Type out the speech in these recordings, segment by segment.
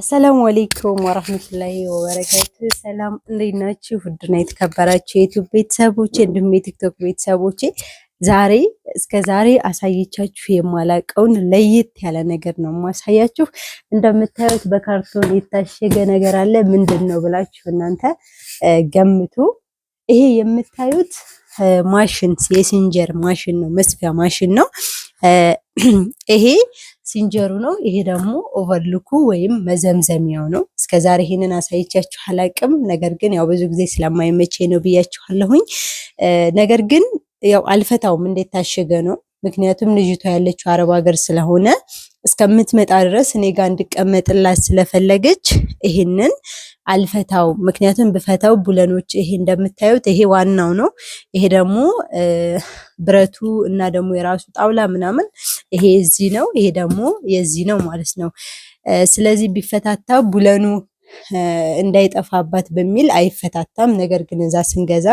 አሰላሙ አሌይኩም ወራህመቱላሂ ወበረካቱ። ሰላም እንዴት ናችሁ? ውድና የተከበራችሁ የዩቲዩብ ቤተሰቦቼ እንዲሁም የቲክቶክ ቤተሰቦቼ ዛሬ እስከ ዛሬ አሳየቻችሁ የማላቀውን ለየት ያለ ነገር ነው የማሳያችሁ። እንደምታዩት በካርቶን የታሸገ ነገር አለ። ምንድን ነው ብላችሁ እናንተ ገምቱ። ይሄ የምታዩት ማሽን የሲንጀር ማሽን ነው፣ መስፊያ ማሽን ነው ይሄ ሲንጀሩ ነው። ይሄ ደግሞ ኦቨርሉኩ ወይም መዘምዘሚያው ነው። እስከዛሬ ይሄንን አሳይቻችሁ አላቅም። ነገር ግን ያው ብዙ ጊዜ ስለማይመቼ ነው ብያችኋለሁኝ። ነገር ግን ያው አልፈታውም እንዴት ታሸገ ነው። ምክንያቱም ልጅቷ ያለችው አረብ ሀገር ስለሆነ እስከምትመጣ ድረስ እኔ ጋር እንድቀመጥላት ስለፈለገች ይሄንን አልፈታው። ምክንያቱም ብፈታው ቡለኖች ይሄ እንደምታዩት ይሄ ዋናው ነው። ይሄ ደግሞ ብረቱ እና ደግሞ የራሱ ጣውላ ምናምን ይሄ እዚህ ነው፣ ይሄ ደግሞ የዚህ ነው ማለት ነው። ስለዚህ ቢፈታታ ቡለኑ እንዳይጠፋባት በሚል አይፈታታም። ነገር ግን እዛ ስንገዛ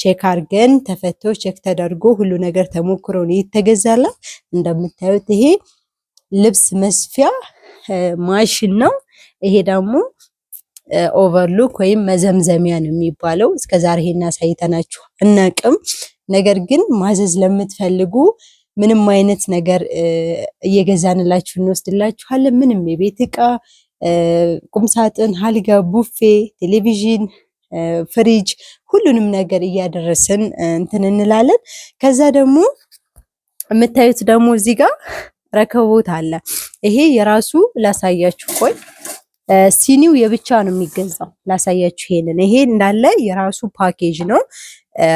ቼክ አርገን ተፈቶ ቼክ ተደርጎ ሁሉ ነገር ተሞክሮ ነው የተገዛላት። እንደምታዩት ይሄ ልብስ መስፊያ ማሽን ነው። ይሄ ደግሞ ኦቨርሉክ ወይም መዘምዘሚያ ነው የሚባለው። እስከዛሬ ይሄን አሳይተናችሁ አናቅም። ነገር ግን ማዘዝ ለምትፈልጉ ምንም አይነት ነገር እየገዛንላችሁ እንወስድላችኋለን። ምንም የቤት እቃ፣ ቁምሳጥን፣ አልጋ፣ ቡፌ፣ ቴሌቪዥን፣ ፍሪጅ ሁሉንም ነገር እያደረስን እንትን እንላለን። ከዛ ደግሞ የምታዩት ደግሞ እዚህ ጋር ረከቦት አለ። ይሄ የራሱ ላሳያችሁ። ቆይ ሲኒው የብቻ ነው የሚገዛው። ላሳያችሁ ይሄንን። ይሄ እንዳለ የራሱ ፓኬጅ ነው።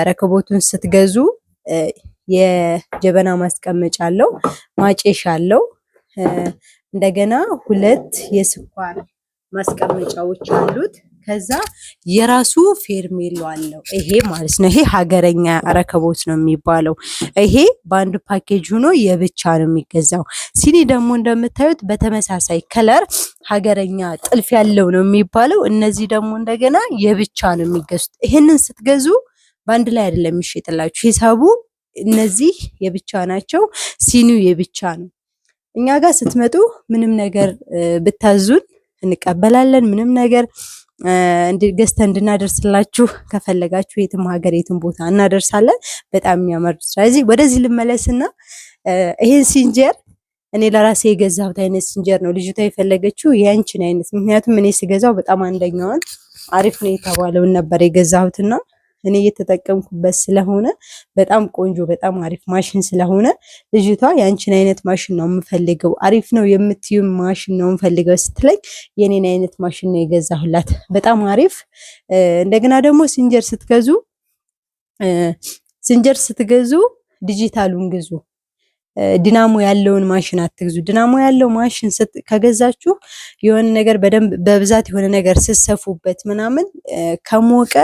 ረከቦቱን ስትገዙ የጀበና ማስቀመጫ አለው፣ ማጨሻ አለው። እንደገና ሁለት የስኳር ማስቀመጫዎች አሉት። ከዛ የራሱ ፌርሜሎ አለው ይሄ ማለት ነው። ይሄ ሀገረኛ ረከቦት ነው የሚባለው። ይሄ በአንድ ፓኬጅ ሆኖ የብቻ ነው የሚገዛው። ሲኒ ደግሞ እንደምታዩት በተመሳሳይ ከለር ሀገረኛ ጥልፍ ያለው ነው የሚባለው። እነዚህ ደግሞ እንደገና የብቻ ነው የሚገዙት። ይህንን ስትገዙ በአንድ ላይ አይደለም የሚሸጥላችሁ ሂሳቡ። እነዚህ የብቻ ናቸው፣ ሲኒው የብቻ ነው። እኛ ጋር ስትመጡ ምንም ነገር ብታዙን እንቀበላለን። ምንም ነገር ገዝተ እንድናደርስላችሁ ከፈለጋችሁ የትም ሀገር የትም ቦታ እናደርሳለን። በጣም የሚያመር ስለዚህ ወደዚህ ልመለስና ይሄን ሲንጀር እኔ ለራሴ የገዛሁት አይነት ሲንጀር ነው። ልጅቷ የፈለገችው የአንቺን አይነት ምክንያቱም እኔ ስገዛው በጣም አንደኛውን አሪፍ ነው የተባለውን ነበር የገዛሁትና እኔ እየተጠቀምኩበት ስለሆነ በጣም ቆንጆ በጣም አሪፍ ማሽን ስለሆነ ልጅቷ የአንቺን አይነት ማሽን ነው የምፈልገው፣ አሪፍ ነው የምትዩ ማሽን ነው የምፈልገው ስትለኝ የኔን አይነት ማሽን ነው የገዛሁላት። በጣም አሪፍ። እንደገና ደግሞ ሲንጀር ስትገዙ ሲንጀር ስትገዙ ዲጂታሉን ግዙ። ድናሞ ያለውን ማሽን አትግዙ። ድናሞ ያለው ማሽን ከገዛችሁ የሆነ ነገር በደንብ በብዛት የሆነ ነገር ስትሰፉበት ምናምን ከሞቀ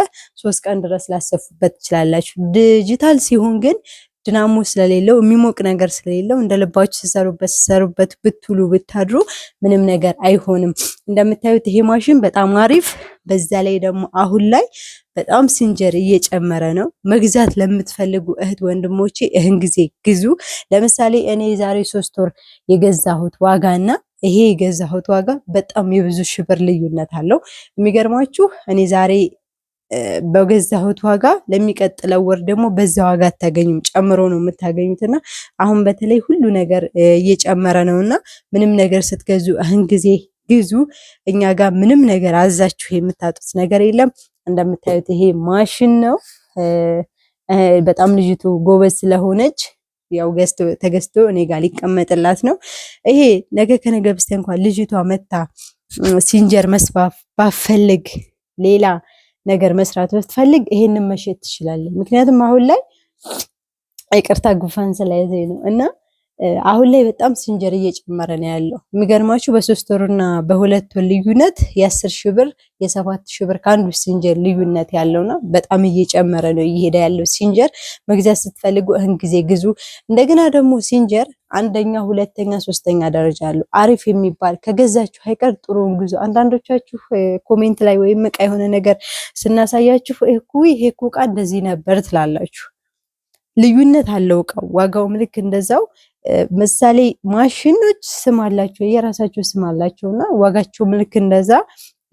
ሶስት ቀን ድረስ ላሰፉበት ትችላላችሁ። ዲጂታል ሲሆን ግን ድናሞ ስለሌለው የሚሞቅ ነገር ስለሌለው እንደ ልባችሁ ስሰሩበት ስሰሩበት ብትሉ ብታድሩ ምንም ነገር አይሆንም። እንደምታዩት ይሄ ማሽን በጣም አሪፍ። በዛ ላይ ደግሞ አሁን ላይ በጣም ሲንጀር እየጨመረ ነው። መግዛት ለምትፈልጉ እህት ወንድሞቼ ይህን ጊዜ ግዙ። ለምሳሌ እኔ የዛሬ ሶስት ወር የገዛሁት ዋጋና ይሄ የገዛሁት ዋጋ በጣም የብዙ ሺህ ብር ልዩነት አለው። የሚገርማችሁ እኔ ዛሬ በገዛሁት ዋጋ ለሚቀጥለው ወር ደግሞ በዛ ዋጋ አታገኙም፣ ጨምሮ ነው የምታገኙት። እና አሁን በተለይ ሁሉ ነገር እየጨመረ ነው እና ምንም ነገር ስትገዙ አሁን ጊዜ ግዙ። እኛ ጋር ምንም ነገር አዛችሁ የምታጡት ነገር የለም። እንደምታዩት ይሄ ማሽን ነው። በጣም ልጅቱ ጎበዝ ስለሆነች ያው ገዝቶ ተገዝቶ እኔ ጋር ሊቀመጥላት ነው። ይሄ ነገ ከነገ በስቲያ እንኳን ልጅቷ መታ ሲንጀር መስፋፍ ባፈልግ ሌላ ነገር መስራት ብትፈልግ ይሄንን መሸጥ ትችላለህ። ምክንያቱም አሁን ላይ ይቅርታ ጉፋን ስለያዘኝ ነው እና አሁን ላይ በጣም ሲንጀር እየጨመረ ነው ያለው። የሚገርማችሁ በሶስት ወርና በሁለት ወር ልዩነት የአስር ሺህ ብር የሰባት ሺህ ብር ከአንዱ ስንጀር ልዩነት ያለው ነው። በጣም እየጨመረ ነው እየሄደ ያለው ሲንጀር። መግዛት ስትፈልጉ እህን ጊዜ ግዙ። እንደገና ደግሞ ሲንጀር አንደኛ፣ ሁለተኛ፣ ሶስተኛ ደረጃ አለው አሪፍ የሚባል ከገዛችሁ አይቀር ጥሩውን ግዙ። አንዳንዶቻችሁ ኮሜንት ላይ ወይም እቃ የሆነ ነገር ስናሳያችሁ ይሄ እኮ እቃ እንደዚህ ነበር ትላላችሁ። ልዩነት አለው እቃው ዋጋውም ልክ እንደዛው ምሳሌ ማሽኖች ስም አላቸው፣ የራሳቸው ስም አላቸው እና ዋጋቸው ልክ እንደዛ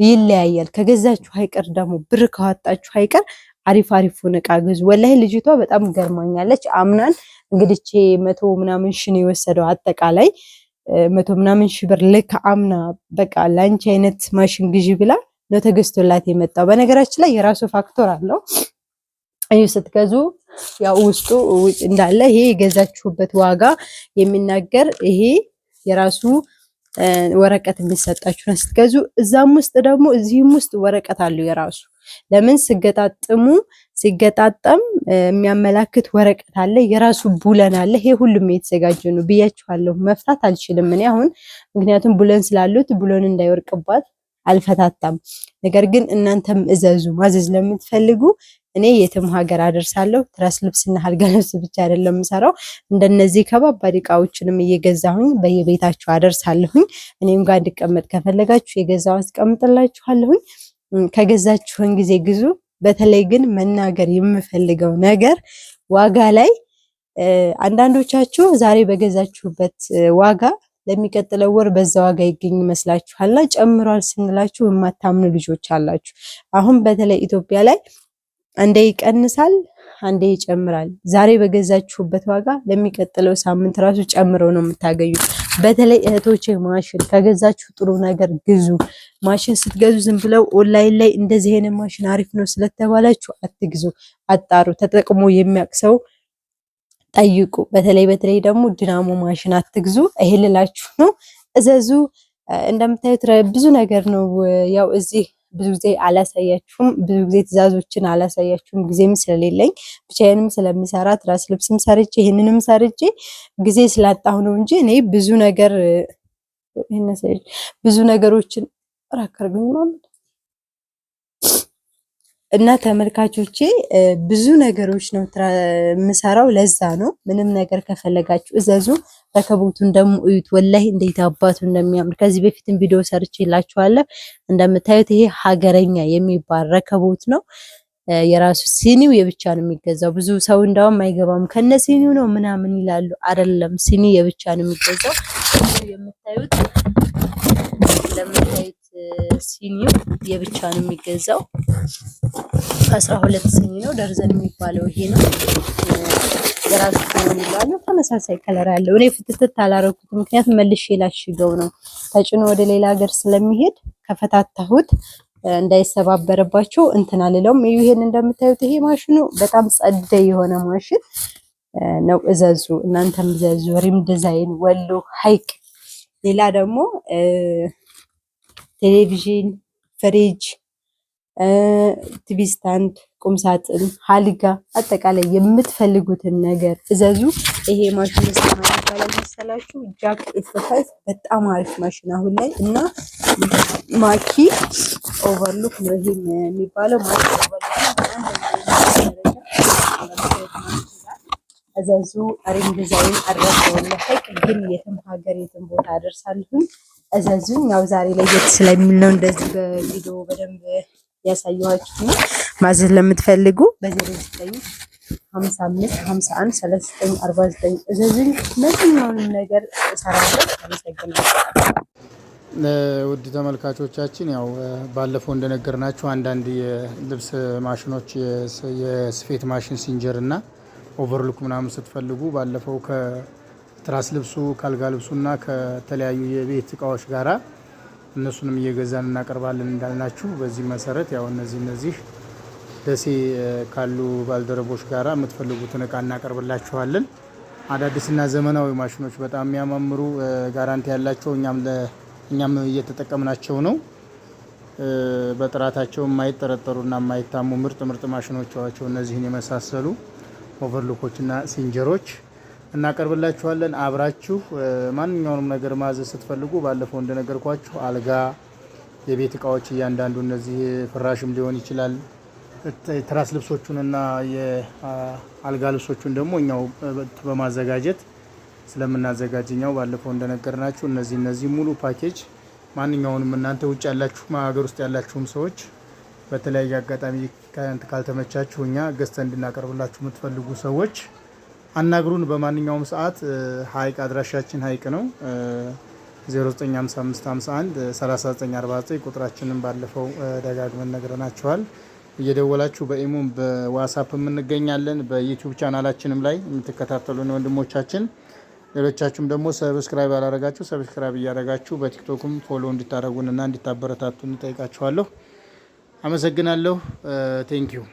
ይለያያል። ከገዛችሁ አይቀር ደግሞ ብር ካወጣችሁ አይቀር አሪፍ አሪፉን እቃ ግዙ። ወላሂ ልጅቷ በጣም ገርማኛለች። አምናን እንግዲቼ መቶ ምናምን ሺ ነው የወሰደው አጠቃላይ መቶ ምናምን ሺ ብር ልክ አምና በቃ ለአንቺ አይነት ማሽን ግዢ ብላ ነው ተገዝቶላት የመጣው። በነገራችን ላይ የራሱ ፋክቶር አለው ይህ ስትገዙ ያው ውስጡ እንዳለ ይሄ የገዛችሁበት ዋጋ የሚናገር ይሄ የራሱ ወረቀት ነው ስትገዙ፣ እዛም ውስጥ ደግሞ እዚህም ውስጥ ወረቀት አለው የራሱ ለምን ሲገጣጥሙ ሲገጣጠም የሚያመላክት ወረቀት አለ፣ የራሱ ቡለን አለ። ይሄ ሁሉም የተዘጋጀ ነው ብያችኋለሁ። መፍታት አልችልም እኔ አሁን ምክንያቱም ቡለን ስላሉት ቡለን እንዳይወርቅባት አልፈታታም። ነገር ግን እናንተም እዘዙ ማዘዝ ለምትፈልጉ እኔ የትም ሀገር አደርሳለሁ። ትራስ ልብስና አልጋ ልብስ ብቻ አይደለም የምሰራው፣ እንደነዚህ ከባባድ እቃዎችንም እየገዛሁኝ በየቤታችሁ አደርሳለሁኝ። እኔም ጋር እንድቀመጥ ከፈለጋችሁ የገዛው አስቀምጥላችኋለሁኝ። ከገዛችሁን ጊዜ ግዙ። በተለይ ግን መናገር የምፈልገው ነገር ዋጋ ላይ አንዳንዶቻችሁ ዛሬ በገዛችሁበት ዋጋ ለሚቀጥለው ወር በዛ ዋጋ ይገኝ ይመስላችኋልና ጨምሯል ስንላችሁ የማታምኑ ልጆች አላችሁ። አሁን በተለይ ኢትዮጵያ ላይ አንዴ ይቀንሳል፣ አንዴ ይጨምራል። ዛሬ በገዛችሁበት ዋጋ ለሚቀጥለው ሳምንት ራሱ ጨምረው ነው የምታገኙት። በተለይ እህቶቼ ማሽን ከገዛችሁ ጥሩ ነገር ግዙ። ማሽን ስትገዙ ዝም ብለው ኦንላይን ላይ እንደዚህ አይነት ማሽን አሪፍ ነው ስለተባላችሁ አትግዙ፣ አጣሩ። ተጠቅሞ የሚያውቅ ሰው ጠይቁ። በተለይ በተለይ ደግሞ ድናሞ ማሽን አትግዙ። ይሄ ልላችሁ ነው። እዘዙ። እንደምታዩት ብዙ ነገር ነው ያው እዚህ ብዙ ጊዜ አላሳያችሁም፣ ብዙ ጊዜ ትእዛዞችን አላሳያችሁም፣ ጊዜም ስለሌለኝ ብቻዬንም ስለምሰራ ትራስ ልብስም ሰርቼ ይህንንም ሰርቼ ጊዜ ስላጣሁ ነው እንጂ እኔ ብዙ ነገር ብዙ ነገሮችን ራከርግኝ ማለት እና ተመልካቾቼ ብዙ ነገሮች ነው የምሰራው። ለዛ ነው ምንም ነገር ከፈለጋችሁ እዘዙ። ረከቦቱን ደግሞ እዩት። ወላይ እንዴት አባቱ እንደሚያምር ከዚህ በፊትም ቪዲዮ ሰርች ይላችኋለሁ። እንደምታዩት ይሄ ሀገረኛ የሚባል ረከቦት ነው። የራሱ ሲኒው የብቻ ነው የሚገዛው። ብዙ ሰው እንዳውም አይገባም ከነ ሲኒው ነው ምናምን ይላሉ። አይደለም ሲኒ የብቻ ነው የሚገዛው። የምታዩት ሲኒው የብቻ ነው የሚገዛው። አስራ ሁለት ስኒ ነው። ደርዘን የሚባለው ይሄ ነው። የራሱ የሚባለው ተመሳሳይ ከለር ያለው እኔ ፍትትት አላረኩት፣ ምክንያቱም መልሼ ላሽገው ነው። ተጭኖ ወደ ሌላ ሀገር ስለሚሄድ ከፈታታሁት እንዳይሰባበረባቸው እንትን አልለውም። ይሄን እንደምታዩት ይሄ ማሽኑ በጣም ጸደ የሆነ ማሽን ነው። እዘዙ፣ እናንተም እዘዙ። ሪም ዲዛይን ወሎ ሀይቅ። ሌላ ደግሞ ቴሌቪዥን፣ ፍሪጅ ቲቪ ስታንድ፣ ቁምሳጥን፣ ሀልጋ አጠቃላይ የምትፈልጉትን ነገር እዘዙ። ይሄ ማሽን ይባላል መሰላችሁ ጃክ ኤክሰርሳይዝ በጣም አሪፍ ማሽን አሁን ላይ እና ማኪ ኦቨርሉክ ነው ይሄ የሚባለው ማኪ እዘዙ። አሪም ዲዛይን አድረሰውን ሀይቅ ግን የትም ሀገር የትም ቦታ አደርሳለሁኝ። እዘዙኝ። ያው ዛሬ ላይ የት ስለሚል ነው እንደዚህ በቪዲዮ በደንብ ያሳየኋችሁ ነው። ማዘዝ ለምትፈልጉ በ09 55 ማንኛውንም ነገር እሰራለሁ። አመሰግናለሁ። ውድ ተመልካቾቻችን ያው ባለፈው እንደነገርናችሁ አንዳንድ የልብስ ማሽኖች የስፌት ማሽን ሲንጀር እና ኦቨርሉክ ምናምን ስትፈልጉ ባለፈው ከትራስ ልብሱ ከአልጋ ልብሱ ልብሱና ከተለያዩ የቤት እቃዎች ጋራ እነሱንም እየገዛን እናቀርባለን እንዳልናችሁ። በዚህ መሰረት ያው እነዚህ እነዚህ ደሴ ካሉ ባልደረቦች ጋር የምትፈልጉትን እቃ እናቀርብላችኋለን። አዳዲስና ዘመናዊ ማሽኖች በጣም የሚያማምሩ ጋራንቲ ያላቸው እኛም እየተጠቀምናቸው ነው። በጥራታቸው የማይጠረጠሩና የማይታሙ ምርጥ ምርጥ ማሽኖቻቸው እነዚህን የመሳሰሉ ኦቨርሎኮችና ሲንጀሮች እናቀርብላችኋለን። አብራችሁ ማንኛውንም ነገር ማዘዝ ስትፈልጉ ባለፈው እንደነገርኳችሁ አልጋ፣ የቤት እቃዎች እያንዳንዱ እነዚህ ፍራሽም ሊሆን ይችላል። ትራስ ልብሶቹንና የአልጋ ልብሶቹን ደግሞ እኛው በማዘጋጀት ስለምናዘጋጅ እኛው ባለፈው እንደነገርናችሁ እነዚህ እነዚህ ሙሉ ፓኬጅ ማንኛውንም እናንተ ውጭ ያላችሁ ሀገር ውስጥ ያላችሁም ሰዎች በተለያየ አጋጣሚ ካልተመቻችሁ እኛ ገዝተን እንድናቀርብላችሁ የምትፈልጉ ሰዎች አናግሩን በማንኛውም ሰዓት። ሀይቅ አድራሻችን ሀይቅ ነው 0955513949 ቁጥራችንን ባለፈው ደጋግመን ነግረናችኋል። እየደወላችሁ በኢሙም በዋትሳፕ እንገኛለን። በዩቲዩብ ቻናላችንም ላይ የምትከታተሉን ወንድሞቻችን፣ ሌሎቻችሁም ደግሞ ሰብስክራይብ ያላረጋችሁ ሰብስክራይብ እያረጋችሁ በቲክቶክም ፎሎ እንዲታደረጉንና እንዲታበረታቱን እንጠይቃችኋለሁ። አመሰግናለሁ። ቴንኪዩ